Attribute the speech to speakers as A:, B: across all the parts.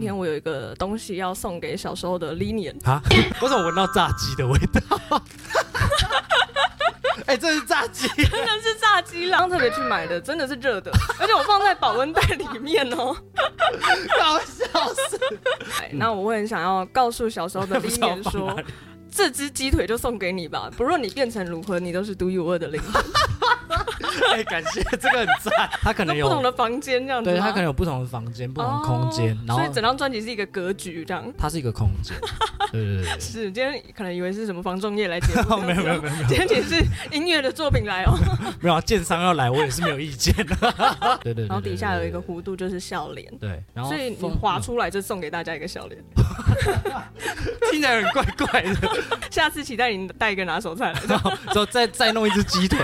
A: 今天我有一個東西要送給小時候的 LINION
B: 啊，為什麼我聞到炸雞的味
A: 道？哎、 欸，這是炸雞，真的是炸雞，剛特別去買的，真的是熱的， 而且我放在保溫袋裡面哦、喔。搞笑！， right, 那我會很想要告訴小時候的 LINION 說，這隻雞腿就送給你吧，不論你變成如何，你都是獨一無二的靈魂
B: 哎、欸，感謝，這個很讚，他可能有不同的
A: 房間這樣子，對，他可能
B: 有不同的房間、不同空間，然後所以整
A: 張專輯是一個格局這樣，它
B: 是一個空間。 對，對對對，是
A: 今天可能以為是什麼房仲業，來節目， 沒有
B: 沒有沒有沒有，今天
A: 其實是音樂的作品來哦、喔。
B: 沒有，建商要來，我也是沒有意見的。對對，然後底下有
A: 一個弧度就是笑臉，
B: 對，對，對，對，對，對，然後所以你劃
A: 出來就送給大家一個笑臉， 聽起來很怪怪的。 下次期待你帶一個拿手菜來， 然後再再弄一隻雞腿。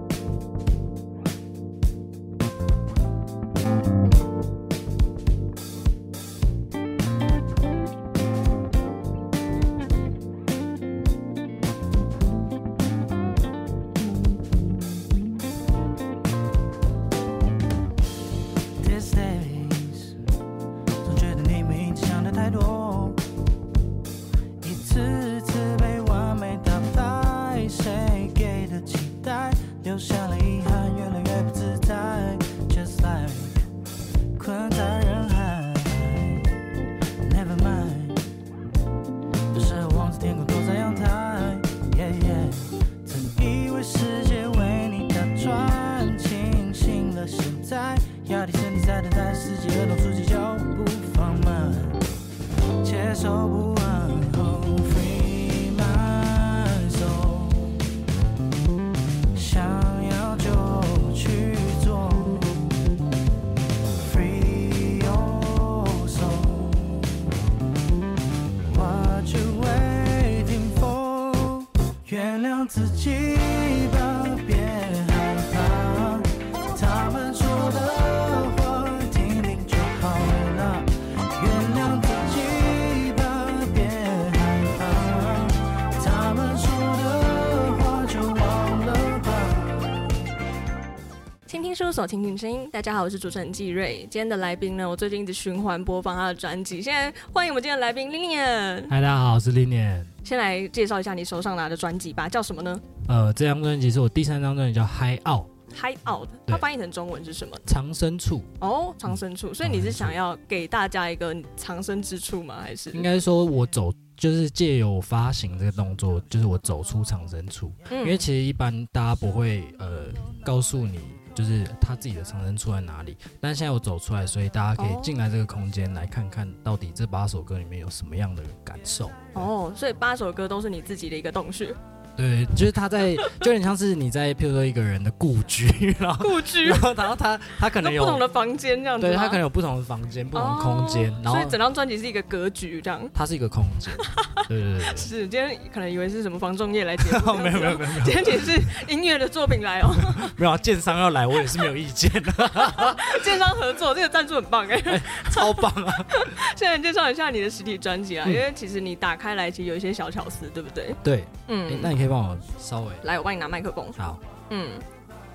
A: 聽聽聲音，大家好，我是主持人紀瑞。今天的來賓呢，我最近一直循環播放他的專輯，現在歡迎我們今天的來賓 LINION。
B: 嗨，大家好，我是 LINION。
A: 先來介紹一下你手上拿的專輯吧，叫什麼呢？
B: 呃，這張專輯是我第三張專輯叫，叫
A: 《HIDEOUT》。HIDEOUT，它翻譯成中文是什麼？
B: 藏身處。
A: 哦，藏身處。所以你是想要給大家一個藏身之處嗎？還是應該
B: 說，我走就是借由發行這個動作，就是我走出藏身處。嗯，因為其實一般大家不會呃告訴你。就是他自己的藏身處在哪裡，但現在我走出來，所以大家可以進來這個空間來看看到底這八首歌裡面有什麼樣的感受
A: 哦，oh, 所以八首歌都是你自己的一個洞穴。
B: 對，就是他在，就有點像是你在，譬如說一個人的故居，然後故居， 然後他他可，他可能有不同的
A: 房間這樣子，對他可能
B: 有不同的房間，不同的空間，然後所以整
A: 張專輯是一個格局這樣，它是
B: 一個空間， 對對對，對
A: 是，是今天可能以為是什麼房仲業來節目， 沒有沒有沒有，今天其實是音樂的作品來哦、喔 ，
B: 沒有啊，建商要來，我也是沒有意見的，
A: 建 商合作這個贊助很棒、欸、哎，超棒啊！ 現在介紹一下你的實體專輯啊、嗯，因為其實你打開來其實有一些小巧思，對不對？對，嗯，那、欸、你看。可以幫我稍微來，我幫你拿麥克風。好，嗯，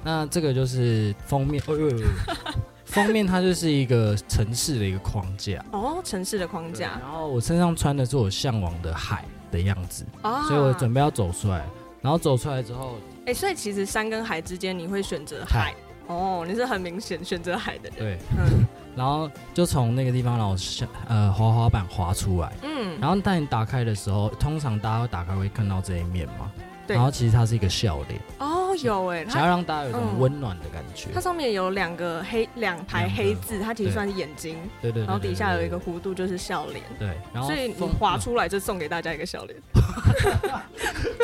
B: 那這個就是封面，哎呦、 封面它就是一個城市的，一個框架。
A: 哦，城市的框架。然後我
B: 身上穿的是我嚮往的海的樣子、哦，所以我準備要走出來。然後走出來之後，
A: 哎、欸，所以其實山跟海之間，你會選擇海。海。哦，你是很明顯選擇海的人。對。
B: 嗯 然後就從那個地方然後下呃滑滑板滑出來，嗯，然後當你打開的時候，通常大家會打開會看到這一面嘛，對，然後其實它是一個笑
A: 臉，哦，有哎，想要讓大家有一種溫
B: 暖的感覺、嗯，它上
A: 面有兩個黑兩排黑字，它其實算是眼睛，對對，然後底下有一個弧度就是笑臉，對，然後所以你滑出來就送給大家一個笑臉，嗯、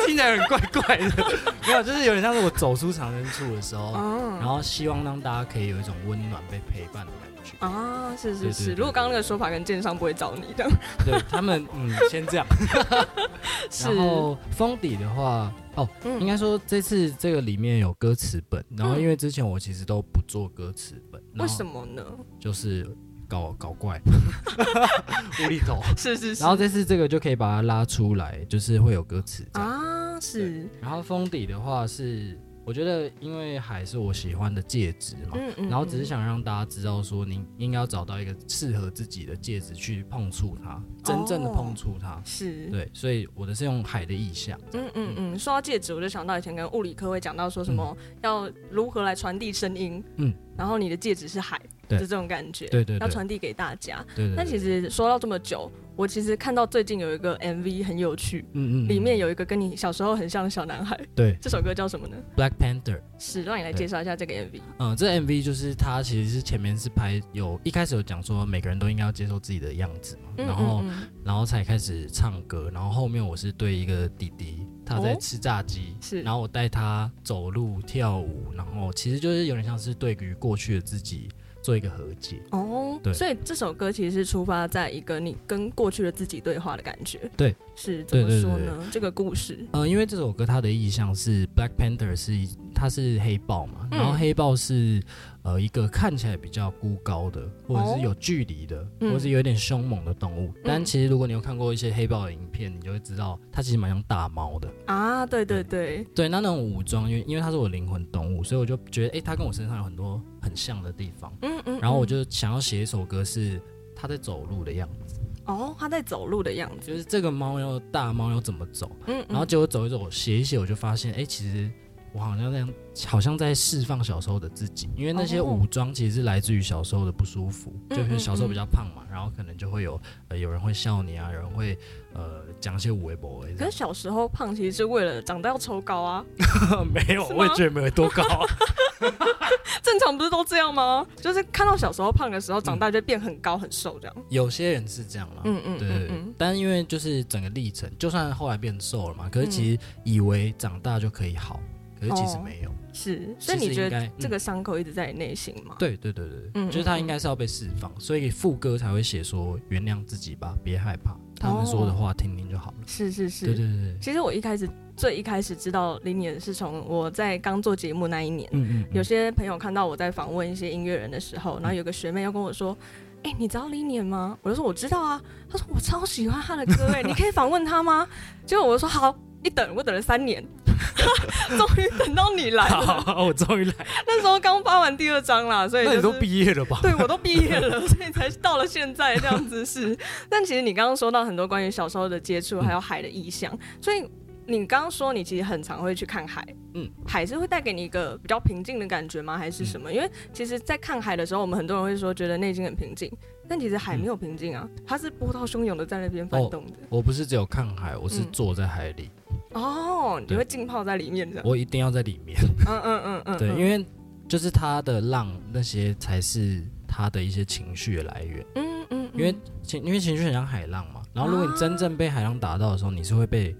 B: 聽起來很怪怪的， 沒有，就是有點像是我走出藏身處的時候、嗯，然後希望讓大家可以有一種溫暖被陪伴的感覺。啊，是是是對對對對對對，如果剛
A: 剛那個說法跟建商不會找你的，對他
B: 們，嗯，先這樣。 是，然後封底的話，哦，嗯、應該說這次這個裡面有歌詞本，然後因為之前我其實都不做歌詞本、嗯，為什麼呢？就是搞搞怪， 無厘頭， 是是是。然後這次這個就可以把它拉出來，就是會有歌詞啊，是。然後封底的話是。我覺得，因為海是我喜歡的戒指嘛，嗯嗯嗯，然後只是想讓大家知道說，你應該要找到一個適合自己的戒指去碰觸它，哦、真正的碰觸它。是對，所以我的是用海的意象。
A: 嗯嗯嗯，嗯，說到戒指，我就想到以前跟物理科會講到說什麼、嗯、要如何來傳遞聲音，嗯，然後你的戒指是海。對，就這種感覺，對對,對,對，要傳遞給大家。對,對,對,對。但其實說到這麼久，我其實看到最近有一個 MV 很有趣，嗯,嗯嗯，裡面有一個跟你小時候很像的小男孩。對。這首歌叫什麼呢？Black Panther。是，讓你來介紹一下這個 MV。
B: 嗯，這個、MV 就是他，其實是前面是拍有，一開始有講說每個人都應該要接受自己的樣子，然後嗯嗯嗯然後才開始唱歌，然後後面我是對一個弟弟，他在吃炸雞，是、哦，然後我帶他走路跳舞，然後其實就是有點像是對於過去的自己。做一個和解哦，對，所
A: 以這首歌其實是出發在一個你跟過去的自己對話的感覺，對。是，怎麼說呢？對對對對。這個故事，
B: 呃，因為這首歌它的意象是 Black Panther，是它是黑豹嘛，嗯、然後黑豹是呃一個看起來比較孤高的，或者是有距離的，哦、或者是有點凶猛的動物，嗯。但其實如果你有看過一些黑豹的影片，你就會知道它其實蠻像大貓的啊。對對對，對那那種武裝，因為因為它是我的靈魂動物，所以我就覺得哎，它跟我身上有很多很像的地方。嗯嗯，嗯，嗯，然後我就想要寫一首歌，是它在走路的樣子。哦，它在走路的樣子，就是這個貓要大貓要怎麼走，嗯，嗯，然後結果我走一走，寫一寫，我就發現，哎、欸，其實。我好像在好像在釋放小時候的自己，因為那些武裝其實是來自於小時候的不舒服，哦哦、就是小時候比較胖嘛，嗯嗯嗯、然後可能就會有呃有人會笑你啊，有人會呃講些五圍脖。可是
A: 小時候胖，其實是為了長大要抽高啊， 沒有，我也覺得
B: 沒有多高。啊，
A: 正常不是都這樣嗎？就是看到小時候胖的時候，長大就變很高、嗯、很瘦這樣。
B: 有些人是這樣嘛、啊，嗯嗯，對，對嗯嗯嗯，但因為就是整個歷程，就算後來變瘦了嘛，可是其實以為長大就可以好。可是其實沒有、哦，是，所以你覺得這個
A: 傷口一直在你內心嗎、嗯？對對對對對，嗯，就是他應該是
B: 要被釋放，所以副歌才會寫說原諒自己吧，別害怕、哦，他們說的話聽聽就好了。是是是，對對對、對。
A: 其實我一開始最一開始知道 LINION，是從我在剛做節目那一年，嗯、嗯嗯，有些朋友看到我在訪問一些音樂人的時候，然後有個學妹要跟我說，哎、欸，你知道 LINION 嗎？我就說我知道啊，她說我超喜歡他的歌哎， 你可以訪問他嗎？結果我就說好。一等，我等了三年，終 於等到你來了，好。好，我終於來了。那時候剛發完第二張啦，所以、就是、你都畢業了吧？對，我都畢業了，所以才到了現在這樣子是。 但其實你剛剛說到很多關於小時候的接觸，還有海的意象、嗯，所以你剛剛說你其實很常會去看海。嗯，海是會帶給你一個比較平靜的感覺嗎？還是什麼？嗯、因為其實，在看海的時候，我們很多人會說覺得內心很平靜，但其實海沒有平靜啊，嗯、它是波濤洶湧的在那邊翻動的、哦。
B: 我不是只有看海，我是坐在海裡。嗯
A: 哦、oh，，你會浸泡在裡面這樣。我一
B: 定要在裡面。嗯嗯
A: 嗯嗯，對。嗯，因為
B: 就是他的浪那些才是他的一些情緒的來源。嗯嗯，嗯，因為情因為情緒很像海浪嘛，然後如果你真正被海浪打到的時候，啊、你是會被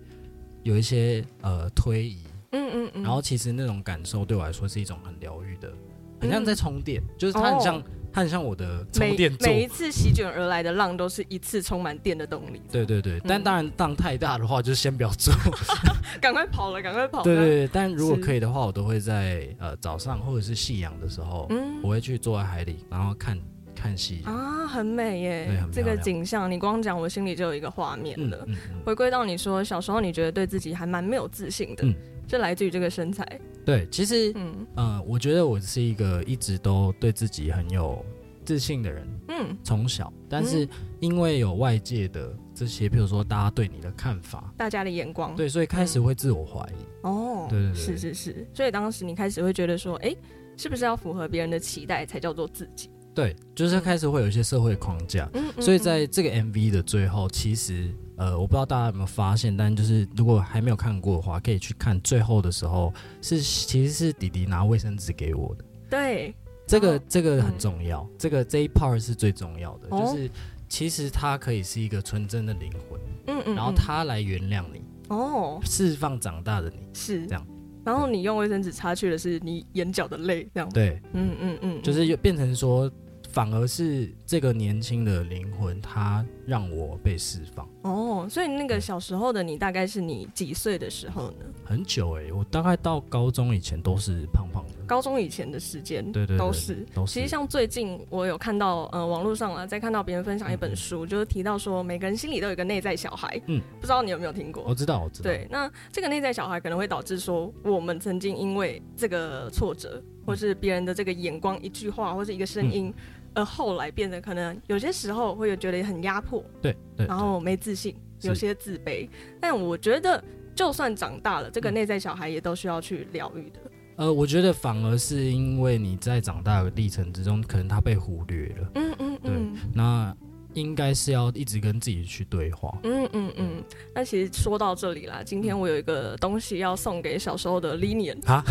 B: 有一些呃推移。嗯嗯嗯，然後其實那種感受對我來說是一種很療癒的，很像在充電，嗯、就是它很像。哦看，像我的充電每，每一
A: 次席捲而來的浪，都是一次充滿電的動力。對對對，嗯、但
B: 當然浪太大的話，就先不要做，
A: 趕快跑了，趕快跑。對對對，但如果可以的
B: 話，我都會在呃早上或者是夕陽的時候，我會去坐在海裡，然後看、嗯、看夕
A: 陽啊，很美耶很，這個景象。你光講，我心裡就有一個畫面了。嗯嗯嗯、回歸到你說小時候，你覺得對自己還蠻沒有自信的。嗯這來自於這個身材。
B: 對，其實，嗯、呃，我覺得我是一個一直都對自己很有自信的人。嗯，從小，但是因為有外界的這些，比如說大家對你的看法，
A: 大家的眼光，對，
B: 所以開始會自我懷疑。哦、嗯，對，對對，是是
A: 是。所以當時你開始會覺得說，哎、欸，是不是要符合別人的期待才叫做自己？
B: 對，就是開始會有一些社會框架。嗯、嗯嗯嗯。所以在這個 MV 的最後，其實。呃，我不知道大家有沒有發現，但就是如果還沒有看過的話，可以去看最後的時候是其實是弟弟拿衛生紙給我的。對，這個、哦、這個很重要，嗯，這個這一 part 是最重要的，哦、就是其實他可以是一個純真的靈魂，嗯，嗯嗯，然後他來原諒你，哦，釋放長大的你，是這樣。
A: 然後你用衛生紙擦去的是你眼角的淚，這樣對，嗯，嗯嗯嗯，就是
B: 又變成說，反而是這個年輕的靈魂，他讓我被釋放。
A: 哦，所以那個小時候的你，大概是你幾歲的時候呢？
B: 很久欸，我大概到高中以前都是胖胖的。
A: 高中以前的時間，對對，都是。其實像最近我有看到，呃，網絡上啊，在看到別人分享一本書，嗯嗯。就是提到說每個人心裡都有一個內在小孩。嗯，不知道你有沒有聽過？我知道，我知道。對，那這個內在小孩可能會導致說，我們曾經因為這個挫折，或是別人的這個眼光，一句話或是一個聲音。嗯而後來變得可能有些時候會有覺得很壓迫，對對對，對，然後沒自信，有些自卑。但我覺得，就算長大了，這個內在小孩也都需要去療癒的。嗯。
B: 呃，我覺得反而是因為你在長大的歷程之中，可能他被忽略了。嗯嗯，嗯，嗯，那。應該是要一直跟自己去對話嗯。
A: 嗯嗯嗯。那其實說到這裡啦，今天我有一個東西要送給小時候的 LINION。
B: 啊？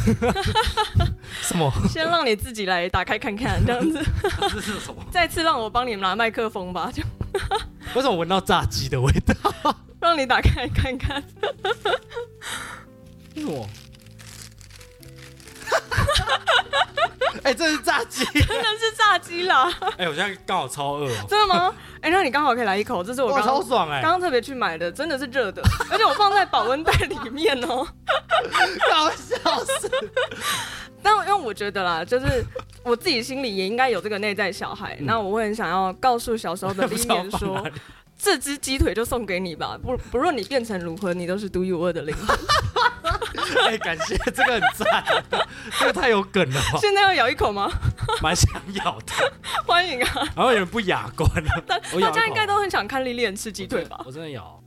B: 什麼？
A: 先讓你自己來打開看看，這樣子。 這是什麼？再次讓我幫你拿麥克風吧。就，
B: 為什麼我聞到炸雞的味
A: 道？讓你打開看看。
B: 哇 什麼！我。
A: 哎、欸，這是炸雞，真的是炸雞啦！哎、
B: 欸，我現在剛好超餓，喔，真的
A: 嗎？哎、 欸，那你剛好可以來一口，這是我剛剛超爽哎、欸，剛剛特別去買的，真的是熱的， 而且我放在保溫袋裡面哦，喔。搞笑死！ 但因為我覺得啦，就是我自己心裡也應該有這個內在小孩，嗯、那我會很想要告訴小時候的 LINION 說， 這隻雞腿就送給你吧，不不論你變成如何，你都是獨一無二的
B: 靈魂。 」哎、 欸，感謝，這個很讚， 這個太有梗了吧。現在要咬一口嗎？蠻 想咬的， 歡迎啊！然後有點不雅觀了，大 大家應該都很
A: 想看 LINION 吃雞腿吧？
B: 我真的咬。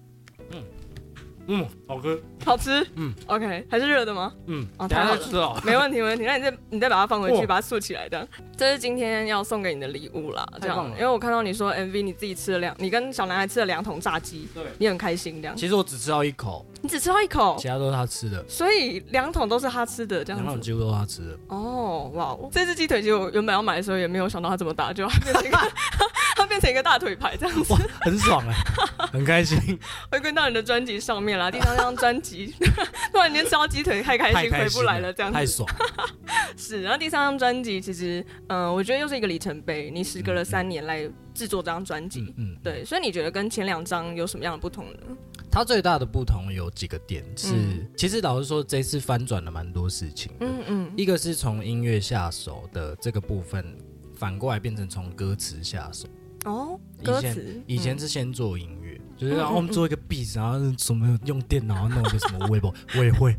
B: 嗯，好
A: 喝，好吃。嗯，OK，還是熱的嗎？嗯，
B: 還、喔、在吃啊、喔，沒問
A: 題，沒問題。那你再你再把它放回去，把它豎起來，這樣。這是今天要送給你的禮物啦。這樣。因為我看到你說 MV 你自己吃了兩，你跟小男孩吃了兩桶炸雞，對，你很開心這樣。其實
B: 我只吃到一口，你只吃到一口，其他都是他吃的，
A: 所以兩桶都是他吃的，這樣兩桶幾乎都是他吃的。哦，哇，這隻雞腿其實我原本要買的時候也沒有想到它這麼大，就 它變成一個大腿排這樣子，
B: 哇，很爽哎，很開心。
A: 回歸到你的專輯上面啦，第三張專輯突然間吃到雞腿，太開心，回不來了，這樣子太爽。 是，然後第三張專輯其實，嗯、呃，我覺得又是一個里程碑。你時隔了三年來制作這張專輯，嗯，嗯，對，所以你覺得跟前兩張有什麼樣的不同呢？
B: 它最大的不同有幾個點是，嗯、其實老實說，這次翻轉了蠻多事情
A: 的嗯嗯。一
B: 個是從音樂下手的這個部分，反過來變成從歌詞下手。哦，以前以前是先做音樂，嗯，就是然後我們做一個 beat，然後什麼用電腦弄一個什麼微博，我也會，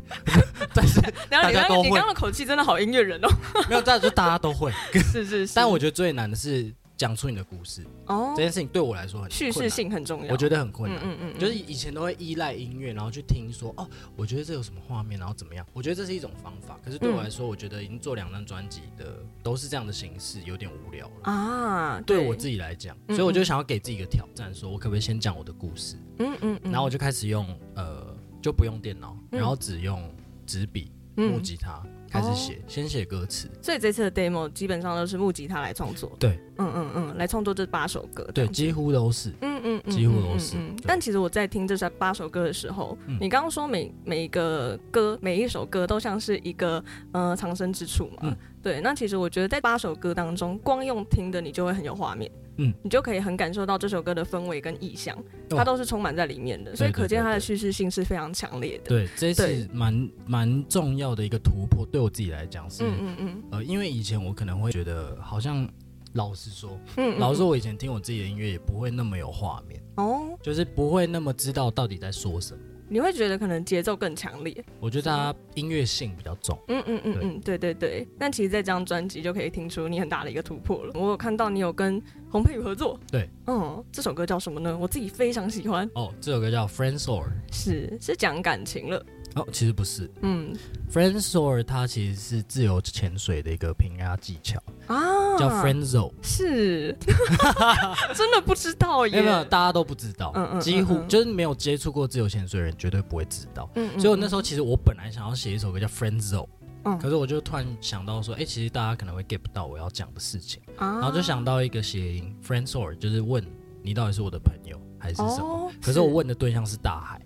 B: 但是大家都會。你剛剛的
A: 口氣真的好音樂人哦，沒
B: 有，但是大家都會， 是是是。但我覺得最難的是。講出你的故事哦，oh, 這件事情對我來說，很，敘事性很重要。我覺得很困難，嗯嗯,嗯,嗯就是以前都會依賴音樂，然後去聽說哦，我覺得這有什麼畫面，然後怎麼樣？我覺得這是一種方法，可是對我來說，嗯、我覺得已經做兩張專輯的都是這樣的形式，有點無聊了啊對。對我自己來講，所以我就想要給自己一個挑戰，嗯嗯說我可不可以先講我的故事？嗯嗯,嗯，然後我就開始用呃，就不用電腦，嗯、然後只用紙筆，木吉他。嗯開始寫，oh. 先寫歌詞，所以這
A: 次的 demo 基本上都是木吉他來創作。對，嗯嗯嗯，來創作這八首歌，對，
B: 幾乎都是，嗯嗯,嗯,嗯,嗯,嗯,嗯,嗯，幾乎都是。但其
A: 實我在聽這三八首歌的時候，嗯、你剛剛說每每一個歌、每一首歌都像是一個呃藏身之處嘛、嗯，對。那其實我覺得在八首歌當中，光用聽的你就會很有畫面。嗯，你就可以很感受到這首歌的氛圍跟意象，它都是充滿在裡面的，對對對對對，所以可見它的敘事性是非常強烈的。
B: 對，這是蠻蠻重要的一個突破。對我自己來講是，是嗯嗯嗯，呃，因為以前我可能會覺得，好像老實說，嗯嗯老實說，我以前聽我自己的音樂也不會那麼有畫面，哦、嗯嗯，就是不會那麼知道到底在說什麼。
A: 你會覺得可能節奏更強烈，
B: 我覺得它音樂性比較重。
A: 嗯嗯嗯嗯，對對對。但其實，在這張專輯就可以聽出你很大的一個突破了。我有看到你有跟洪佩瑜合作，對，嗯，哦，這首歌叫什麼呢？我自己非常喜歡。
B: 哦，這首歌叫 Friend or?，
A: 是是講感情
B: 了。哦，其實不是。嗯 Frenzel 它其實是自由潛水的一個平壓技巧
A: 啊，叫 Frenzel。是， 真的不知道耶，沒有，
B: 大家都不知道，嗯嗯嗯嗯，幾乎就是沒有接觸過自由潛水的人絕對不會知道。嗯，嗯，所以我那時候其實我本來想要寫一首歌叫 Frenzel，嗯、可是我就突然想到說，哎、欸，其實大家可能會 get 不到我要講的事情，啊，然後就想到一個諧音 Friend or 就是問你到底是我的朋友還是什麼、哦是？可是我問的對象是大海。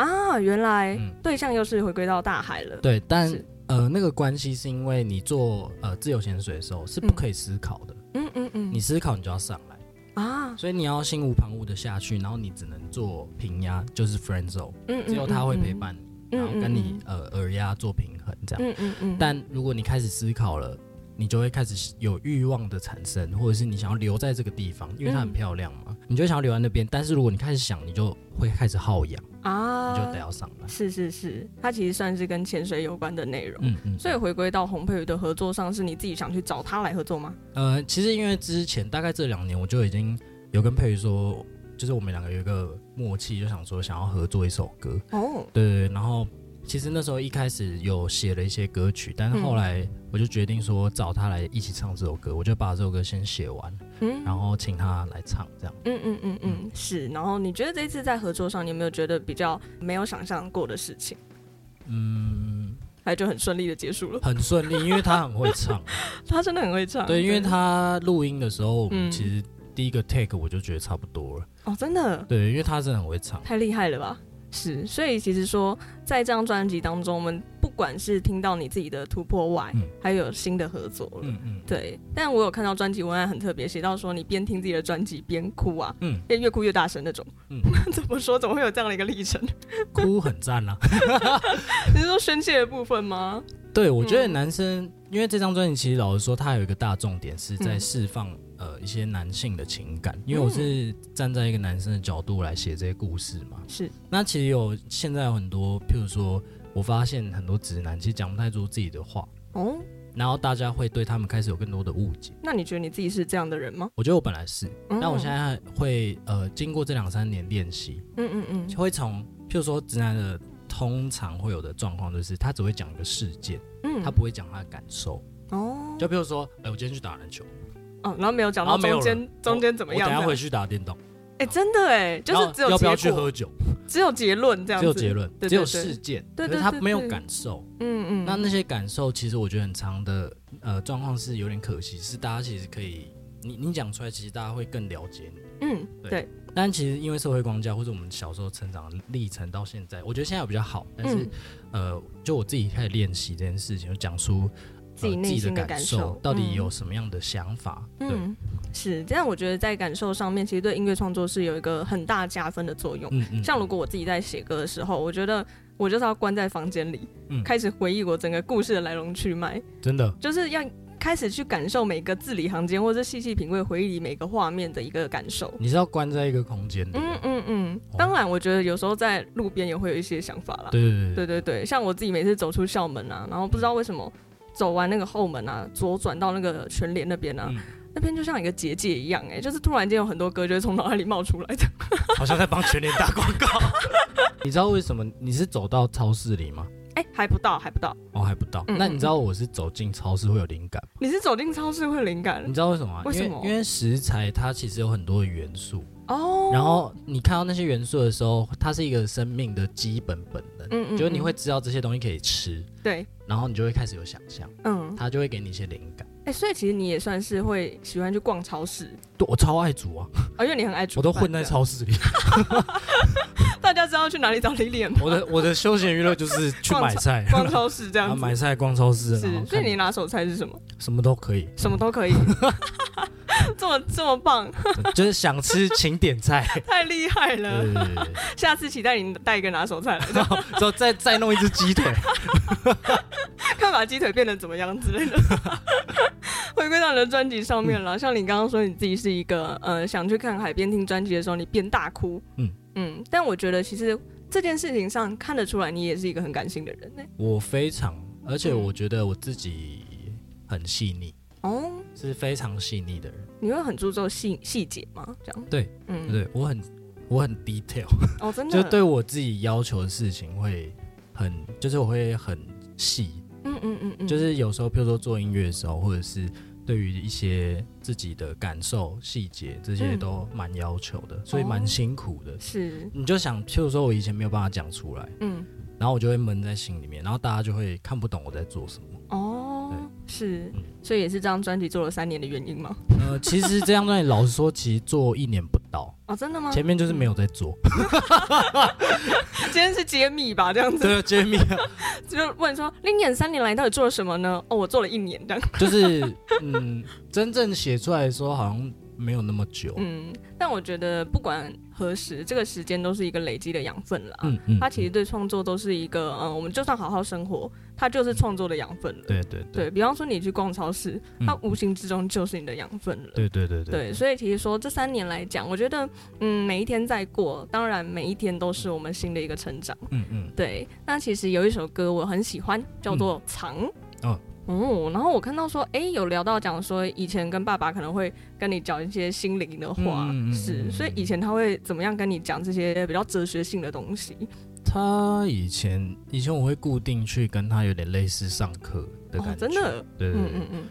A: 啊，原來、嗯、對象又是回歸到大海了。對，但
B: 呃，那個關係是因為你做呃自由潛水的時候是不可以思考的。嗯
A: 嗯嗯，嗯，你
B: 思考你就要上來啊，所以你要心無旁騖的下去，然後你只能做平壓，就是 Frenzel。嗯只有、嗯嗯、他會陪伴你、嗯嗯，
C: 然後跟你
B: 呃耳壓做平衡這樣。嗯嗯嗯，嗯，但如果你開始思考了，你就會開始有欲望的產生，或者是你想要留在這個地方，因為它很漂亮嘛，嗯、你就會想要留在那邊。但是如果你開始想，你就會開始耗氧
A: 啊，你就得要上來，是是是，它其實算是跟潛水有關的內容。嗯嗯。所以回歸到洪佩瑜的合作上，是你自己想去找他來合作嗎？嗯、
B: 呃，其實因為之前大概這兩年，我就已經有跟佩瑜說，就是我們兩個有一個默契，就想說想要合作一首歌。哦。對，然後。其實那時候一開始有寫了一些歌曲，但是後來我就決定說找他來一起唱這首歌，嗯、我就把這首歌先寫完，嗯，然後請他來唱這樣。嗯
C: 嗯
A: 嗯嗯，是。然後你覺得這一次在合作上，你有沒有覺得比較沒有想象過的事情？
B: 嗯，
A: 還就很順利的結束了。很
B: 順利，因為他很會唱，
A: 他真的很會唱。對，因為他
B: 錄音的時候，嗯、其實第一個 take 我就覺得差不多
A: 了。哦，真的？
B: 對，因為他真的很會唱。
A: 太厲害了吧！是，所以其實說，在這張專輯當中，我們不管是聽到你自己的突破外，嗯、還有新的合作，嗯嗯，對。但我有看到專輯文案很特別，寫到說你邊聽自己的專輯邊哭啊，嗯，邊越哭越大聲那種，嗯， 怎麼說？怎麼會有這樣的一個歷程？
B: 哭很讚啊，
A: 你是說宣洩的部分嗎？對，我覺得
B: 男生，嗯、因為這張專輯其實老實說，它有一個大重點是在釋放。呃，一些男性的情感，因為我是站在一個男生的角度來寫這些故事嘛、嗯。是。那其實有現在有很多，譬如說，我發現很多直男其實講不太出自己的話。哦。然後大家會對他們開始有更多的誤解。
A: 那你覺得你自己是這樣的人嗎？
B: 我覺得我本來是，那、嗯、我現在會呃，經過這兩三年練習，嗯嗯嗯，就會從譬如說直男的通常會有的狀況，就是他只會講一個事件，嗯，他不會講他的感受。哦。就比如說，哎、欸，我今天去打籃球。
A: 嗯、哦，然後沒有講到中間，中間怎麼樣我？我等下回去打電動。哎，真的哎，就是只有結要不要去喝酒？ 只有結論這樣子，只有結論，對對對，只有事件，對、
B: 對、對、對，可是他沒有感受。嗯嗯。那那些感受，其實我覺得很長的呃狀況是有點可惜，是大家其實可以，你你講出來，其實大家會更了解你。
C: 嗯，對。
B: 對，但其實因為社會框架，或者我們小時候成長的歷程到現在，我覺得現在比較好。但是、嗯、呃，就我自己開始練習這件事情，就講出
A: 自己內心的感受、呃、自己的感受到底有
B: 什麼樣的想法？嗯，
A: 是這樣，我覺得在感受上面，其實對音樂創作是有一個很大加分的作用。嗯嗯，像如果我自己在寫歌的時候，我覺得我就是要關在房間裡、嗯，開始回憶我整個故事的來龍去脈。真的，就是要開始去感受每個字裡行間，或者細細品味回憶裡每個畫面的一個感受。
B: 你是要關在一個空間
A: 裡、啊？嗯嗯嗯。哦、當然，我覺得有時候在路邊也會有一些想法啦。對對對對，對對對，像我自己每次走出校門啊，然後不知道為什麼。嗯走完那個後門啊，左轉到那個全聯那邊啊。嗯、那邊就像一個結界一樣、欸，哎，就是突然間有很多歌就從腦海裡冒出來的，
B: 好像在幫全聯打廣告。 你知道為什麼？你是走到超市裡嗎？
A: 哎、欸，還不到，還不到。
B: 哦，還不到。嗯嗯，那你知道我是走進超市會有靈感，
A: 你是走進超市會有靈感？你知道
B: 為什麼、啊？為什麼？因為，因為食材它其實有很多元素。
A: 哦、oh.，
C: 然
B: 後你看到那些元素的時候，它是一個生命的基本本能，嗯,嗯嗯，就是你會知道這些東西可以吃，對，然後你就會開始有想象，嗯，它就會給你一些靈感。哎、
A: 欸，所以其實你也算是會喜歡去逛超市，
B: 對，我超愛煮啊，而、哦、且你很愛煮，我都混在超市裡。
A: 大家知道去哪裡找 LINION
B: 嗎 我？我的我的休閒娛樂就是去買菜、 逛超,超
A: 市這樣子。 買
B: 菜、逛超市。是，
A: 所以你拿手菜是什麼？
B: 什麼都可以，嗯、什
A: 麼都可以。 這麼這麼棒，
B: 就是想吃請點菜，
A: 太厲害了！ 下次期待你帶一個拿手菜來，然
B: 後， 之後再再弄一隻雞腿，
A: 看把雞腿變得怎麼樣之類的， 回歸到你的專輯上面了、嗯。像你剛剛說你自己是一個呃，想去看海邊聽專輯的時候，你便大哭，嗯嗯。但我覺得其實這件事情上看得出來，你也是一個很感性的人呢、欸。
B: 我非常，而且我覺得我自己很細膩。哦，是非常細膩的人。
A: 你會很注重細細節嗎？這樣對，嗯，對，
B: 我很，我很 detail。哦，真的？ 就對我自己要求的事情會很，就是我會很細。嗯嗯嗯嗯，就是有時候，譬如說做音樂的時候，或者是對於一些自己的感受、細節這些都蠻要求的，嗯、所以蠻辛苦的。
A: 是、哦，你
B: 就想，譬如說我以前沒有辦法講出來，嗯，然後我就會悶在心裡面，然後大家就會看不懂我在做什麼。
A: 哦。是，所以也是這張專輯做了三年的原因嗎？嗯、
B: 呃，其實這張專輯老實說，其實做一年不到
A: 哦，真的嗎？前面就是沒有在做。嗯、 今天是揭秘吧，這樣子。對，揭秘、啊。就問說，LINION 三年來到底做了什麼呢？哦，我做了一年，這樣。就
B: 是，嗯，真正寫出來說，好像。沒有那麼久，嗯，
A: 但我覺得不管何時，這個時間都是一個累積的養分了。嗯嗯，它其實對創作都是一個，嗯，我們就算好好生活，它就是創作的養分了。嗯、對對對，對，比方說你去逛超市，它無形之中就是你的養分
C: 了。嗯嗯、對對對對，對，所以
A: 其實說這三年來講，我覺得，嗯，每一天在過，當然每一天都是我們新的一個成長。嗯嗯，對。那其實有一首歌我很喜歡，叫做《藏》。嗯哦哦、嗯，然後我看到說，哎，有聊到講說，以前跟爸爸可能會跟你講一些心靈的話，嗯、是、嗯，所以以前他會怎麼樣跟你講這些比較哲學性的東西？
B: 他以前，以前我會固定去跟他有點類似上課的感覺，哦、真的，對，對。嗯嗯嗯。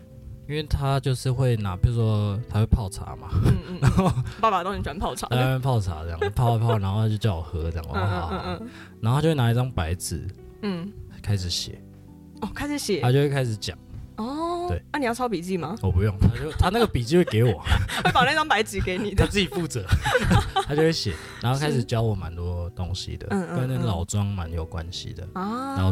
B: 因為他就是會拿，比如說他會泡茶嘛，嗯嗯，然後爸爸都很喜歡泡茶，愛泡茶這樣， 泡一泡，然後他就叫我喝這樣，嗯嗯嗯，然後他就會拿一張白紙，
A: 嗯，開始寫。哦、oh,，開始寫，他就
B: 會開始講。
A: 哦、oh,，對，那、啊、你要抄筆記嗎？
B: 我不用，他就他那個筆記會給我，
A: 會把那張白紙給你的，他自
B: 己負責。 他就會寫，然後開始教我蠻多東西的，跟那老莊蠻有關係的，老、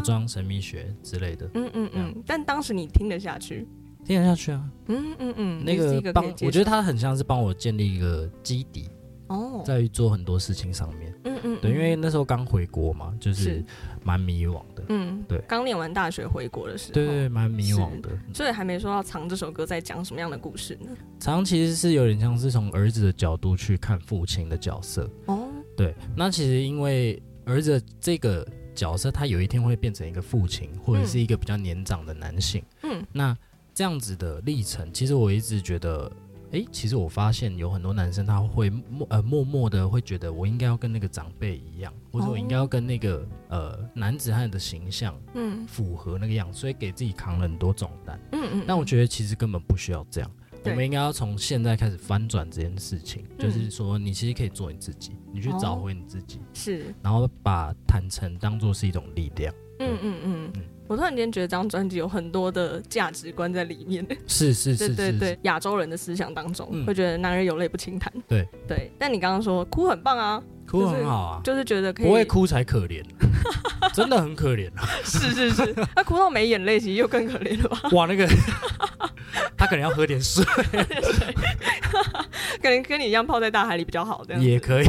B: 嗯、莊、嗯嗯神,啊、神秘學之類的。嗯
A: 嗯嗯，但當時你聽得下去？
B: 聽得下去啊。嗯
C: 嗯嗯，那個幫、嗯嗯嗯嗯嗯、我覺得他
B: 很像是幫我建立一個基底。哦，在做很多事情上面，嗯嗯，對，因為那時候剛回國嘛，就是蠻迷惘的，嗯，對，
A: 剛念完大學回國的時候，對對，蠻迷惘的，所以還沒說到藏這首歌在講什麼樣的故事呢？
B: 藏其實是有點像是從兒子的角度去看父親的角色，哦，對，那其實因為兒子這個角色，他有一天會變成一個父親，或者是一個比較年長的男性，嗯，那這樣子的歷程，其實我一直覺得。誒，其實我發現有很多男生他會默呃默默的會覺得我應該要跟那個長輩一樣，哦、或者我應該要跟那個呃男子漢的形象，嗯，符合那個樣子，嗯，所以給自己扛了很多重擔。嗯嗯。但我覺得其實根本不需要這樣，嗯嗯，我們應該要從現在開始翻轉這件事情，就是說你其實可以做你自己，你去找回你自己，是、哦，然後把坦誠當作是一種力量。嗯
A: 嗯嗯嗯。我突然間覺得這張專輯有很多的價值觀在裡面，
B: 是是是、是 對對、對。
A: 亞洲人的思想當中、嗯、會覺得男人有淚不輕彈，對對，但你剛剛說哭很棒啊。哭很好啊，就是、就是覺得可以不會哭才可憐，
B: 真的很可憐啊！
A: 是是是，他、 啊、哭到沒眼淚，其實又更可憐了吧？哇，那個
B: 他可能要喝點水
A: 可能跟你一樣泡在大海裡比較好，這樣子也
B: 可以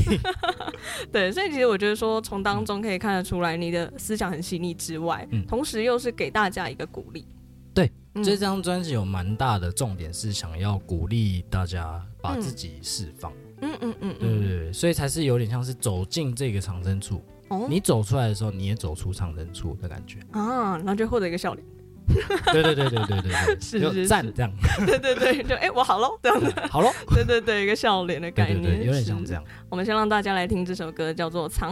B: 。
A: 對，所以其實我覺得說，從當中可以看得出來，你的思想很細膩之外，嗯、同時又是給大家一個鼓勵。
B: 嗯、這張專輯有蠻大的重點，是想要鼓勵大家把自己釋放。嗯嗯
C: 嗯，嗯，對對
B: 對，所以才是有點像是走進這個藏身處、哦，你走出來的時候，你也走出藏身處的感覺。
A: 啊，然後就獲得一個笑臉。
B: 對對對對對對，對 是，是，是，是就讚這樣。
A: 對對對，就哎、欸，我好嘍，這樣子。 好嘍。 對對對，一個笑臉的概念對對對，有點像這樣。我們先讓大家來聽這首歌，叫做《藏》。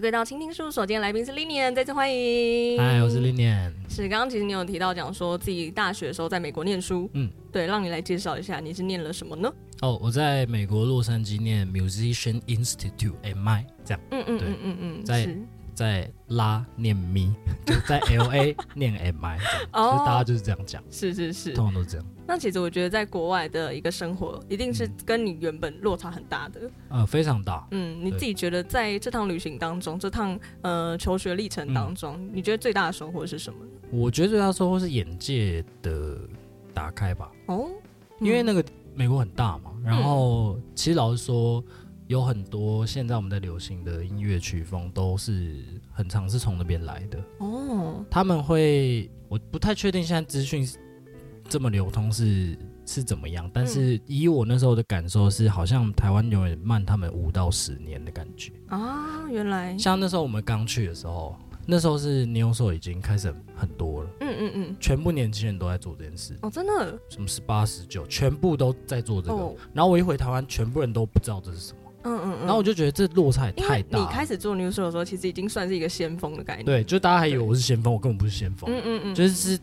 A: 回到青聽事務所，今天來賓是 LINION，再次歡迎。嗨，我
B: 是 LINION。
A: 是，剛剛其實你有提到講說自己大學的時候在美國念書，嗯，對，讓你來介紹一下，你是念了什麼呢？哦，
B: 我在美國洛杉磯念 Musician Institute，MI，這樣，嗯嗯嗯嗯嗯，嗯，在在拉念咪，就在 LA 念 MI，其實、oh, 大家就是這樣講，是是是，通常都是這樣。
A: 那其實我覺得，在國外的一個生活，一定是跟你原本落差很大的。啊、嗯呃，非常大。嗯，你自己覺得在這趟旅行當中，這趟呃求學歷程當中、嗯，你覺得最大的收穫是什麼？
B: 我覺得最大的收穫是眼界的打開吧。哦、嗯，因為那個美國很大嘛，然後、嗯、其實老實說，有很多現在我們在流行的音樂曲風，都是很常是從那邊來的。哦，他們會，我不太確定現在資訊。這麼流通是是怎麼樣？但是以我那時候的感受是，好像台灣永遠慢他們五到十年的感覺
A: 啊。原來
B: 像那時候我們剛去的時候，那時候是 Neo Soul 已經開始很多了。嗯嗯嗯，全部年輕人都在做這件事。哦，
A: 真的，
B: 什麼十八十九，全部都在做這個。哦、然後我一回台灣，全部人都不知道這是什麼。嗯嗯
A: 嗯。然後我就
B: 覺得這落差也太大了。你開
A: 始做 Neo Soul 的時候，其實已經算是一個先鋒的概念。對，
B: 就大家還以為我是先鋒，我根本不是先鋒。
C: 嗯嗯嗯，就是是。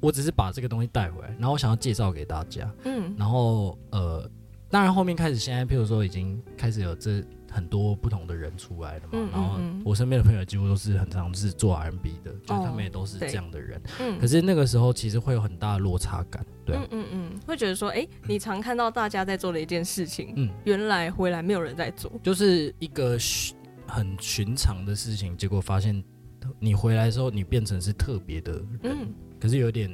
B: 我只是把這個東西帶回來，然後我想要介紹給大家。嗯，然後呃，當然後面開始，現在譬如說已經開始有這很多不同的人出來了嘛。嗯嗯嗯。然後我身邊的朋友幾乎都是很常是做 R&B 的，哦、就他們也都是這樣的人。嗯，可是那個時候其實會有很大的落差感。對、啊，嗯嗯
A: 嗯，會覺得說，哎、欸，你常看到大家在做的一件事情，嗯，原來回來沒有人在做，就是
B: 一個很尋常的事情，結果發現你回來之後，你變成是特別的人。嗯可是有點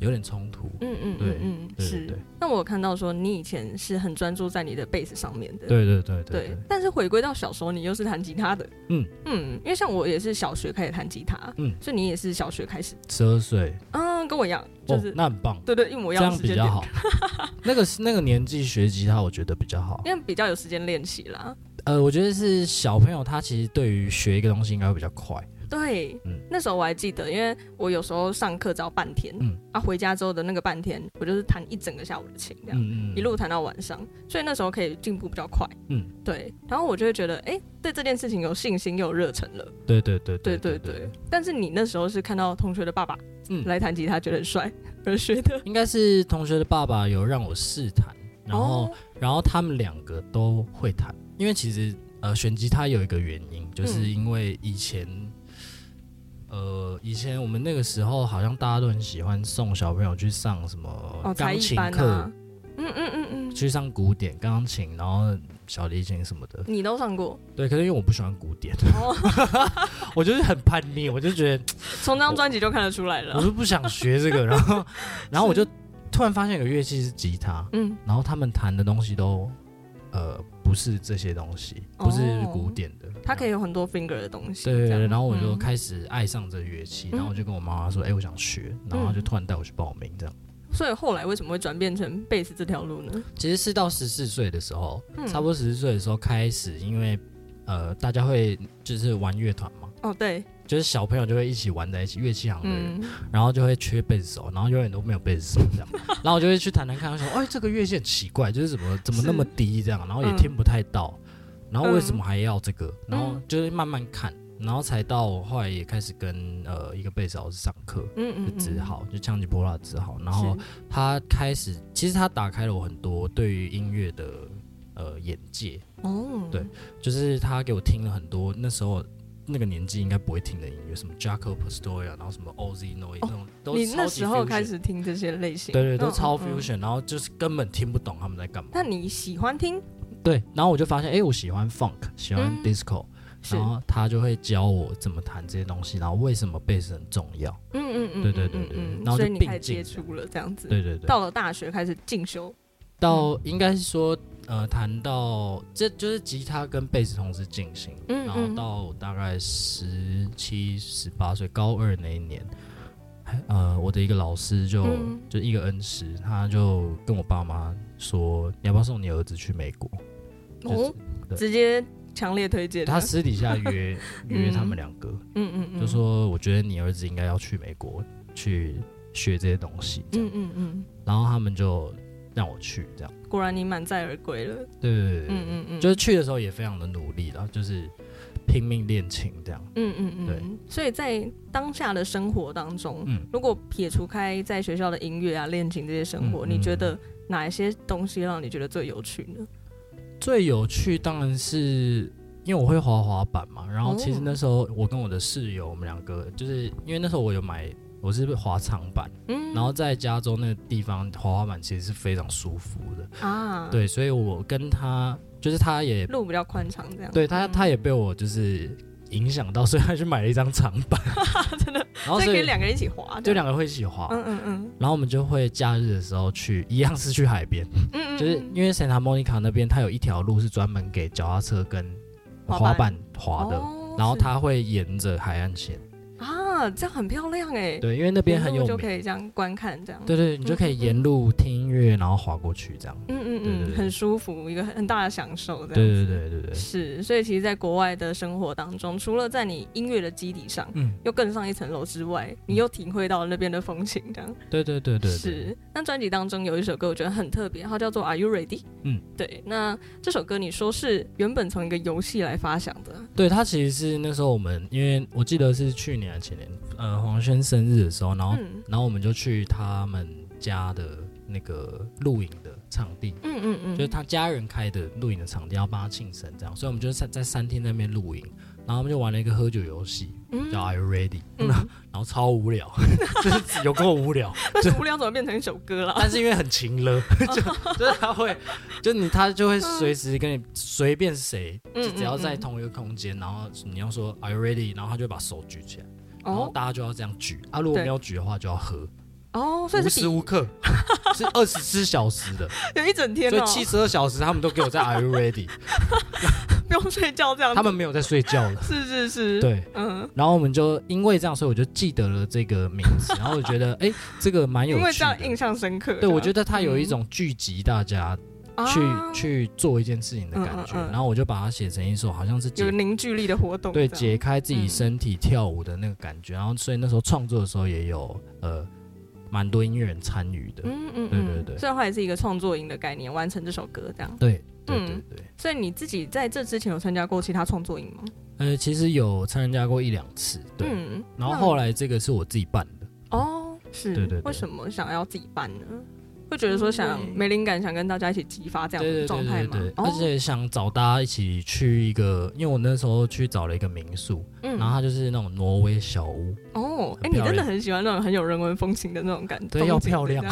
B: 有點衝突，嗯嗯，嗯，嗯對。嗯，是。
A: 那我看到說你以前是很專注在你的貝斯上面的，對對對對，對,對,對。但是回歸到小時候，你又是彈吉他的，嗯嗯，因為像我也是小學開始彈吉他，嗯，所以你也是小學開始，
B: 十二歲，
A: 嗯，跟我一樣，就是、哦、那很棒，對對，對，一模一樣，這樣比較好。
B: 那個是那個年紀學吉他，我覺得比較好，
A: 因為比較有時間練習啦。
B: 呃，我覺得是小朋友他其實對於學一個東西應該會比較快。
A: 對、嗯，那時候我還記得，因為我有時候上課只要半天，嗯，啊，回家之後的那個半天，我就是彈一整個下午的琴，這
C: 樣、嗯
B: 嗯，
A: 一路彈到晚上，所以那時候可以進步比較快，嗯，對，然後我就會覺得，哎，對這件事情有信心又有熱忱了，對
B: 對對，對，對對對，對對對。
A: 但是你那時候是看到同
B: 學的爸爸，嗯，來彈吉他覺得很帥、嗯、而學的，應該是同學的爸爸有讓我試彈，然後，哦、然後他們兩個都會彈，因為其實呃，選吉他有一個原因，就是因為以前。嗯呃，以前我們那個時候好像大家都很喜歡送小朋友去上什麼鋼琴課，哦啊、嗯嗯嗯嗯，去上古典鋼琴，然後小提琴什麼的，你都上過？對，可是因為我不喜歡古典，哦、 我就是很叛逆，我就覺得從這張
A: 專輯就看得出來了，我就不
B: 想學這個，然後 然後我就突然發現有樂器是吉他，嗯，然後他們彈的東西都呃。不是這些東西，不是，是古典的、
A: 哦，它可以有很多 finger 的東西。對對對，對，然後我就
B: 開始愛上這樂器、嗯，然後就跟我媽媽說：“哎、嗯欸，我想學。”然後就突然帶我去報名、嗯，這樣。
A: 所以後來為什麼會轉變成貝斯這條
B: 路呢？其實是到十四歲的時候，嗯、差不多十四歲的時候開始，因為、呃、大家會就是玩樂團嘛。哦、oh,，對，就是小朋友就會一起玩在一起，樂器行的人，嗯、然後就會缺貝斯手，然後永遠都沒有貝斯手這樣， 然後我就會去彈彈看，說：‘哎，這個樂器很奇怪，就是怎麼怎麼那麼低這樣，然後也聽不太到、嗯，然後為什麼還要這個，嗯、然後就是慢慢看，然後才到我後來也開始跟呃一個貝斯老師上課，嗯嗯,嗯，只好就 Chunky Pola 只好，然後他開始其實他打開了我很多對於音樂的呃眼界哦，對，就是他給我聽了很多那時候。那個年紀應該不會聽的音樂，什麼 Jaco Pastorius，然後什麼 Oz Noy、哦、這種，都是 fusion，你那時候開始
A: 聽這些類型，對對，對，都超 fusion，嗯
B: 嗯，然後就是根本聽不懂他們在幹嘛。
A: 那你喜歡聽？
B: 對，然後我就發現，哎、欸，我喜歡 funk，喜歡 disco，嗯、然後他就會教我怎麼彈這些東西，然後為什麼 bass 很重要。嗯
A: 嗯嗯，對對對對，然後就並所以你接觸了這樣子。樣子對，對對對，到了大學開始進修。
B: 到應該是說、嗯，呃，談到這就，就是吉他跟貝斯同時進行嗯嗯，然後到大概十七、十八歲，高二那一年，呃，我的一個老師就、嗯、就一個恩師，他就跟我爸媽說，你要不要送你兒子去美國？就是哦、直接
A: 強烈推
C: 薦。他私底下約
B: 約他們兩個，嗯嗯，嗯嗯，就說我覺得你兒子應該要去美國去學這些東西，
C: 這
B: 樣，嗯嗯嗯，然後他們就。讓我去，這樣。
A: 果然你滿載而歸了。對，對對
B: 對，嗯嗯嗯，就是去的時候也非常的努力啦，然後就是拼命練琴這樣。嗯嗯嗯，對。
A: 所以，在當下的生活當中，嗯，如果撇除開在學校的音樂啊、嗯、練琴這些生活嗯嗯，你覺得哪一些
B: 東西讓你覺得最有趣呢？最有趣當然是因為我會滑滑板嘛，然後其實那時候我跟我的室友，我們兩個就是因為那時候我有買。我是滑長板、嗯，然後在加州那個地方滑滑板其實是非常舒服
A: 的啊。對，
B: 所以我跟他就是他也路
A: 比較寬敞，這樣對他、嗯、他
B: 也被我就是影響到，所以他去買了一張長板，嗯、
A: 真的，然後所以兩個人一起
B: 滑，對就兩個人會一起滑，嗯嗯嗯。然後我們就會假日的時候去，一樣是去海邊，嗯嗯，嗯， 就是因為 Santa Monica 那邊它有一條路是專門給腳踏車跟滑板滑的，滑板然後它會沿着海岸線。嗯嗯嗯
A: 啊，這樣很漂亮哎、
B: 欸，對，因為那邊很有，就可以
A: 這樣觀看這樣，對對、對，你就可以
B: 沿路嗯嗯聽音樂，然後滑過去這樣，嗯
A: 嗯嗯，對對對對，很舒服，一個很大的享受，這樣，對、對對對對對，是，所以其實，在國外的生活當中，除了在你音樂的基底上，嗯，又更上一層樓之外，你又體會到了那邊的風情，這樣，對
B: 對、對對對對，是。
A: 那專輯當中有一首歌，我覺得很特別，它叫做 Are You Ready？嗯，對，那這首歌你說是原本從一個遊戲來發想
B: 的，對，它其實是那時候我們因為我記得是去年還是前年。呃，黃軒生日的時候，然後、嗯，然後我們就去他們家的那個露營的場地，嗯嗯嗯，就是他家人開的露營的場地，要幫他慶生這樣，所以我們就在在三天那邊露營，然後我們就玩了一個喝酒遊戲、嗯，叫 Are you ready？、嗯、然後然後超無聊，就 是 有夠無聊，但是無聊怎麼變成一首歌了？但是因為很情了， 就就是他會，就你他就會隨時跟你隨、嗯、便誰，就只要在同一個空間，然後你要說 Are you ready？然後他就會把手舉起來，然後大家就要這樣舉、哦，啊，如果沒有舉的話就要喝，
A: 哦，是無時無
B: 刻， 是二十四小時的，
A: 有一整天、哦，所以七十
B: 二小時他們都給我在 Are you ready？
A: 不用睡覺這樣子，他們
B: 沒有在睡覺的，
A: 是是是，對，
B: 嗯，然後我們就因為這樣，所以我就記得了這個名字， 然後我覺得哎，這個蠻有趣，因為這樣
A: 印象深刻，對我覺得它有一種
B: 聚集大家。嗯去、啊、去做一件事情的
A: 感覺，嗯嗯嗯，然
B: 後我就把它寫成一首，好像是就是凝聚力的活動，對，解開自己身體跳舞的那個感覺，嗯、然後所以那時候創作的時候也有呃蠻多音樂人參與的，嗯，嗯嗯，對對對，最
A: 後還是一個創作營的概念，完成這首歌這樣，對、嗯、對對對，所以你自己在這之前有參加過其他創作營嗎？
B: 呃，其實有參加過一兩次，對、嗯。然後後來這個是我自己辦的，哦、嗯嗯，是對對，對對，為
A: 什麼想要自己辦呢？就覺得說，想沒靈感，想跟大家一起激發這樣的狀態嘛，而且
B: 想找大家一起去一個，因為我那時候去找了一個民宿。嗯、然後它就是那種挪威小屋哦，哎，欸、你真的很
A: 喜歡那種很有人文風情的那種感覺，對，要漂亮，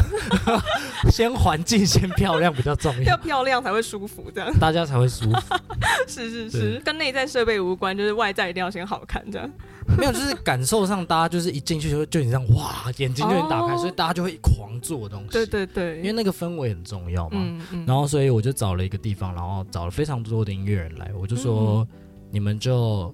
B: 先環境先漂亮比較重要， 要
A: 漂亮才會舒服，這樣
B: 大家才會舒服，
A: 是是是，跟內在設備無關，就是外在一定要先好看，這樣，
B: 沒有，就是感受上，大家就是一進去就就你經這樣哇，眼睛就已經打開、哦，所以大家就會一狂做東西，對對對，因為那個氛圍很重要嘛、嗯嗯，然後所以我就找了一個地方，然後找了非常多的音樂人來，我就說、嗯、你們就。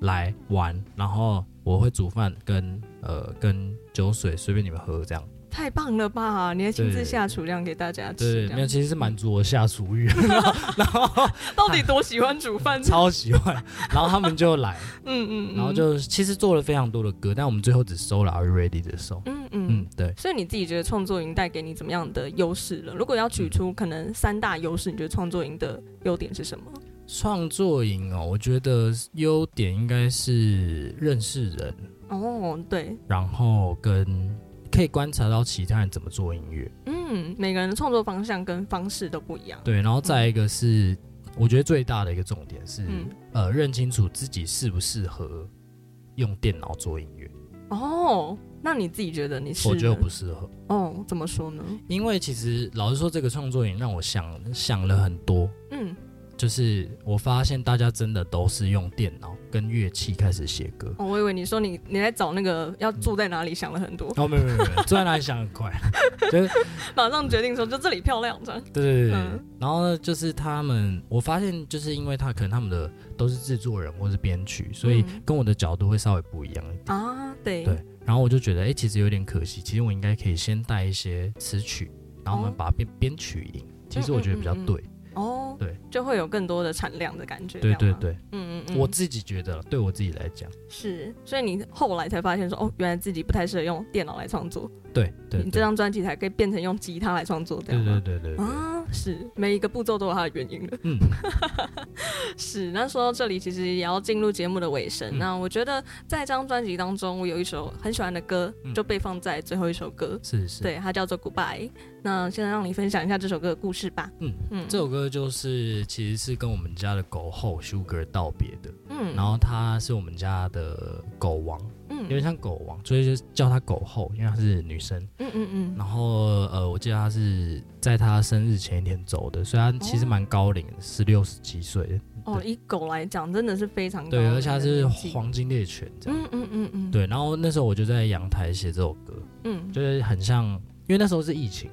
B: 來玩，然後我會煮飯跟呃跟酒水隨便你們喝，這樣
A: 太棒了吧！你還親自下廚，這樣給大家吃，對，對沒有？其實是滿
B: 足我下廚慾。 然後 然後，到底多喜歡煮飯？啊、超喜歡。 然後他們就來， 嗯嗯，然後就其實做了非常多的歌，但我們最後只收了 R U Ready 的收，嗯嗯嗯，對。
A: 所以你自己覺得創作營帶給你怎麼樣的優勢了？如果要舉出可能三大優勢，你覺得創作營的優點是什麼？
B: 創作營哦，我覺得優點應該是認識人
A: 哦，oh, 對，
B: 然後跟可以觀察到其他人怎麼做音樂，
A: 嗯，每個人的創作方向跟方式都不一樣，對，然後再一
B: 個是、嗯、我覺得最大的一個重點是、嗯、呃，認清楚自己適不適合用電腦做音樂。哦、
A: oh,，那你自己覺得你適合？我覺得我不適合。哦、oh,，怎麼說呢？
B: 因為其實老實說，這個創作營讓我想想了很多，嗯。就是我發現大家真的都是用電腦跟樂器開始寫歌。哦，
A: 我以為你說你你在找那個要住在哪裡，想了很多。 哦，沒有沒
B: 有沒有，住在哪裡想很快， 就
A: 是馬上決定說就這裡漂亮。這樣
B: 對、嗯、然後呢，就是他們，我發現就是因為他可能他們的都是制作人或者是編曲，所以跟我的角度會稍微不一樣一點。啊，對。對，然後我就覺得，哎、欸，其實有點可惜。其實我應該可以先帶一些詞曲，然後我們把編編、哦、曲一點，其實我覺得比較對。嗯嗯嗯嗯。
A: 對，就會有更多的產量的感覺。對對對，對，嗯嗯嗯，我自己
B: 覺得，對我自己來講，
A: 是。所以你後來才發現說，哦，原來自己不太適合用電腦來創作。對，對對，你這張專輯才可以變成用吉他來創作，這樣對，對對對對。啊，是每一個步驟都有它的原因的。嗯， 是。那說到這裡，其實也要進入節目的尾聲，嗯。那我覺得，在這張專輯當中，我有一首很喜歡的歌，就被放在最後一首歌。嗯，是是，對，它叫做 Goodbye。那現在讓你分享一下這首歌的故
B: 事吧。嗯嗯，這首歌就是其實是跟我們家的狗後 Sugar 道別的。嗯，然後他是我們家的狗王，嗯，因為像狗王，所以就叫他狗後，因為他是女生。嗯嗯嗯。然後呃，我記得他是在他生日前一天走的，雖然其實蠻高齡，十六十幾歲。
A: 哦，以狗來講，真的是非常高齡。對，而且他是
B: 黃金獵犬，這
A: 樣。嗯嗯嗯，嗯。對，
B: 然後那時候我就在陽台寫這首歌。嗯，就是很像，因為那時候是疫情。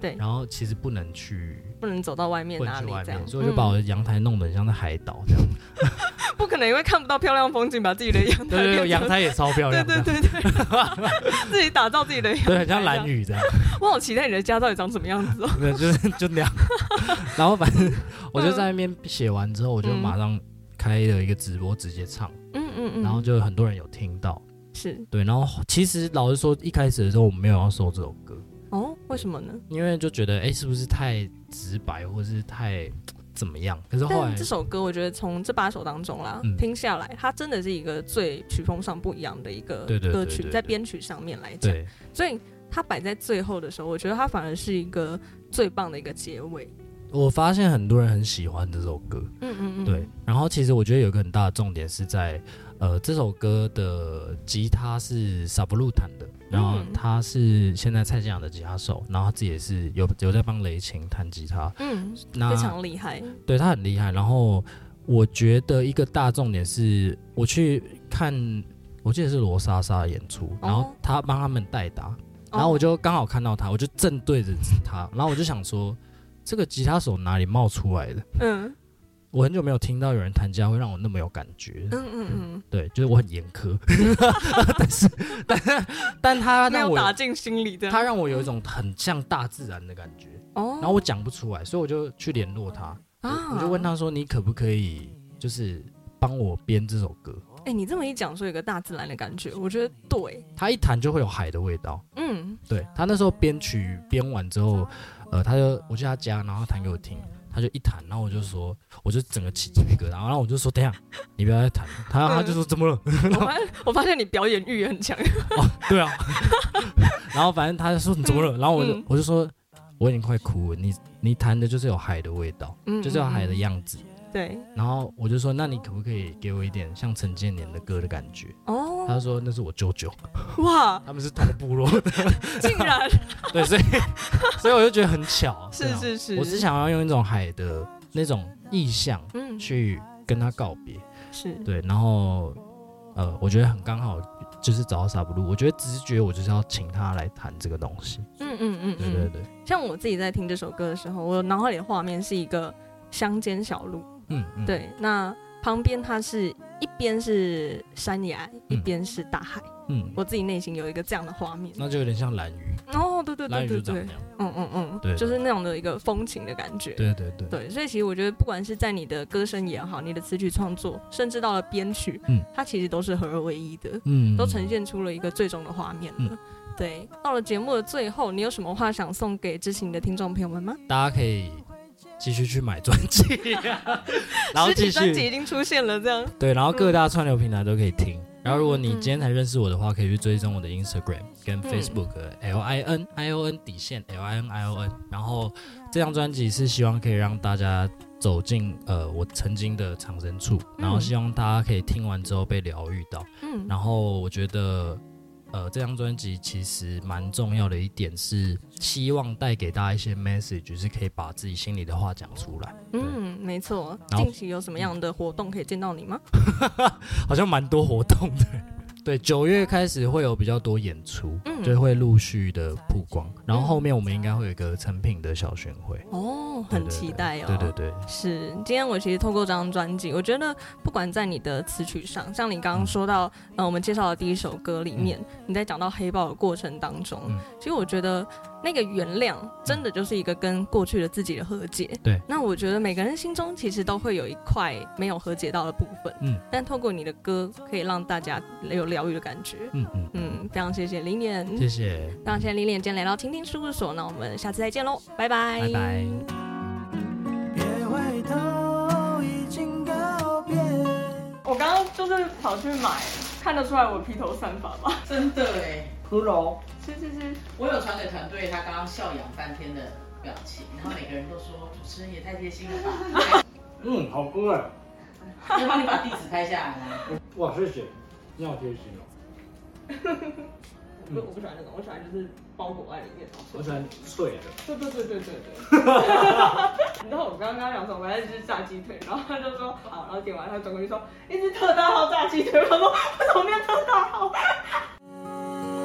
B: 對，然後其實不能去，
A: 不能走到外面哪裡不能去外面，所以我就把
B: 我的陽台弄得很像在海島這樣、
A: 嗯、 不可能，因為看不到漂亮風景，把自己的陽台。對對，對，陽台也超漂亮的。對對對對，對對對 自己打造自己的，陽台。對，很像蘭嶼這樣。 我好期待你的家到底長什麼樣子哦。 對，
B: 就是就那樣。 然後反正我就在那邊寫完之後、嗯，我就馬上開了一個直播，直接唱。嗯嗯嗯。然後就很多人有聽到，是對。然後其實老實說，一開始的時候我們沒有要收這首歌。為什麼呢？因為就覺得，哎、欸，是不是太直白，或者是太怎麼樣？可是後來但這首
A: 歌，我覺得從這八首當中啦，嗯、聽下來，它真的是一個最曲風上不一樣的一個歌曲，對對對對對對，在編曲上面來講，所以它擺在最後的時候，我覺得它反而是一個最棒的一個結尾。
B: 我發現很多人很喜歡這首歌，嗯嗯嗯，對。然後其實我覺得有一個很大的重點是在，呃，這首歌的吉他是 Savulu 彈的。然後他是現在蔡健雅的吉他手，然後他自己也是有有在幫雷擎彈吉他，
A: 嗯，非常厲害，
B: 對他很厲害。然後我覺得一個大重點是，我去看，我記得是羅莎莎的演出，然後他幫他們代打、哦，然後我就剛好看到他，我就正對着他、哦，然後我就想說，這個吉他手哪裡冒出來的？嗯。我很久沒有聽到有人彈吉他會讓我那麼有感覺。嗯嗯嗯，對，就是我很嚴苛 但，但是但但他讓我打進心裡的，他讓我有一種很像大自然的感覺。哦、嗯，然後我講不出來，所以我就去聯絡他、啊，我就問他說：“你可不可以就是幫我編這首歌？”
A: 哎、欸，你這麼一講，說有個大自然的感覺，我覺得對。
B: 他一彈就會有海的味道。嗯，對他那時候編曲編完之後，呃，他就我去他家，然後彈給我聽。他就一彈，然後我就說，我就整個起雞皮疙瘩，然後然後我就說，等下，你不要再彈了。他、嗯、他就說，怎麼了？我發
A: 現 我發現你表演欲也很強、哦。
B: 對啊。 然後反正他就說你怎麼了？嗯、然後我就、嗯、我就說我已經快哭了。你你彈的就是有海的味道，嗯，就是有海的樣子。嗯嗯對，然後我就說，那你可不可以給我一點像陳建年的歌的感覺？哦、oh.，他說那是我舅舅，哇、wow.，他們是同部落的， 竟然，然對，所以 所以我就覺得很巧。是是是，我只想要用一種海的那種意象，嗯，去跟他告別。是、嗯、對，然後呃，我覺得很剛好，就是找薩布露，我覺得直覺得我就是要請他來彈這個東西。
A: 嗯嗯嗯，對，對對對，像我自己在聽這首歌的時候，我腦海裡的畫面是一個鄉間小路。嗯，嗯，對，那旁邊它是一邊是山崖，嗯、一邊是大海。嗯，我自己內心有一個這樣的畫
B: 面，那就有點像蘭
A: 嶼。哦，對對對對對，對對對對，嗯嗯嗯，就是那種的一個風情的感覺。對對對對，對，所以其實我覺得，不管是在你的歌聲也好，你的詞曲創作，甚至到了編曲，嗯，它其實都是合而為一的，嗯，都呈現出了一個最終的畫面了、嗯對嗯。對，到了節目的最後，你有什麼話想送給支持的聽眾朋友們
B: 嗎？大家可以。繼續去買專輯，然後繼續，專輯已
A: 經出現了這樣。對，然後各大
B: 串流平台都可以聽。然後，如果你今天才認識我的話，可以去追蹤我的 Instagram 跟 Facebook，L、嗯、I N I O N 底線，L I N I O N。然後這張專輯是希望可以讓大家走進呃我曾經的藏身處，然後希望大家可以聽完之後被療癒到。嗯，然後我覺得。呃，這張專輯其實蠻重要的一點是，希望帶給大家一些 message，就是可以把自己心裡的話講出來。
A: 嗯，沒錯。近期有什麼樣的活動可以見到你嗎？
B: 好像蠻多活動的。對，九月開始會有比較多演出，嗯，就會陸續的曝光。嗯、然後後面我們應該會有一個成品的小巡迴。
A: 哦對對對，很期待哦。對，對對對，是。今天我其實透過這張專輯，我覺得不管在你的詞曲上，像你剛剛說到，那、嗯呃、我們介紹的第一首歌裡面，嗯、你在講到黑豹的過程當中，嗯、其實我覺得。那個原諒真的就是一個跟過去的自己的和解。對，那我覺得每個人心中其實都會有一塊沒有和解到的部分。嗯。但透過你的歌，可以讓大家有療癒的感覺。嗯嗯，嗯非常謝謝 LINION，謝謝，非常謝謝 LINION，今天來到青聽事務所，那我們下次再見嘍，拜拜拜拜。Bye bye 別回頭已經告別
C: 我剛剛
A: 就是跑去買，看得出來我披頭散發嗎？真的哎、欸。豬肉是是是，我有傳給團隊，他剛剛笑仰翻天的表情，然後每個人都說主持人也太貼心了吧。 嗯，好餓、欸。麻煩你把地址拍下來嗎。哇，謝謝。你好貼
B: 心哦我不。我不喜歡這個，我喜歡就是包裹外
A: 面我喜歡脆的。對對對對對對。然 後 我剛剛講說我要一只炸雞腿，然後他就說好，然後點完，他轉過去說一隻特大號炸雞腿，我說我怎麼沒有特大號？嗯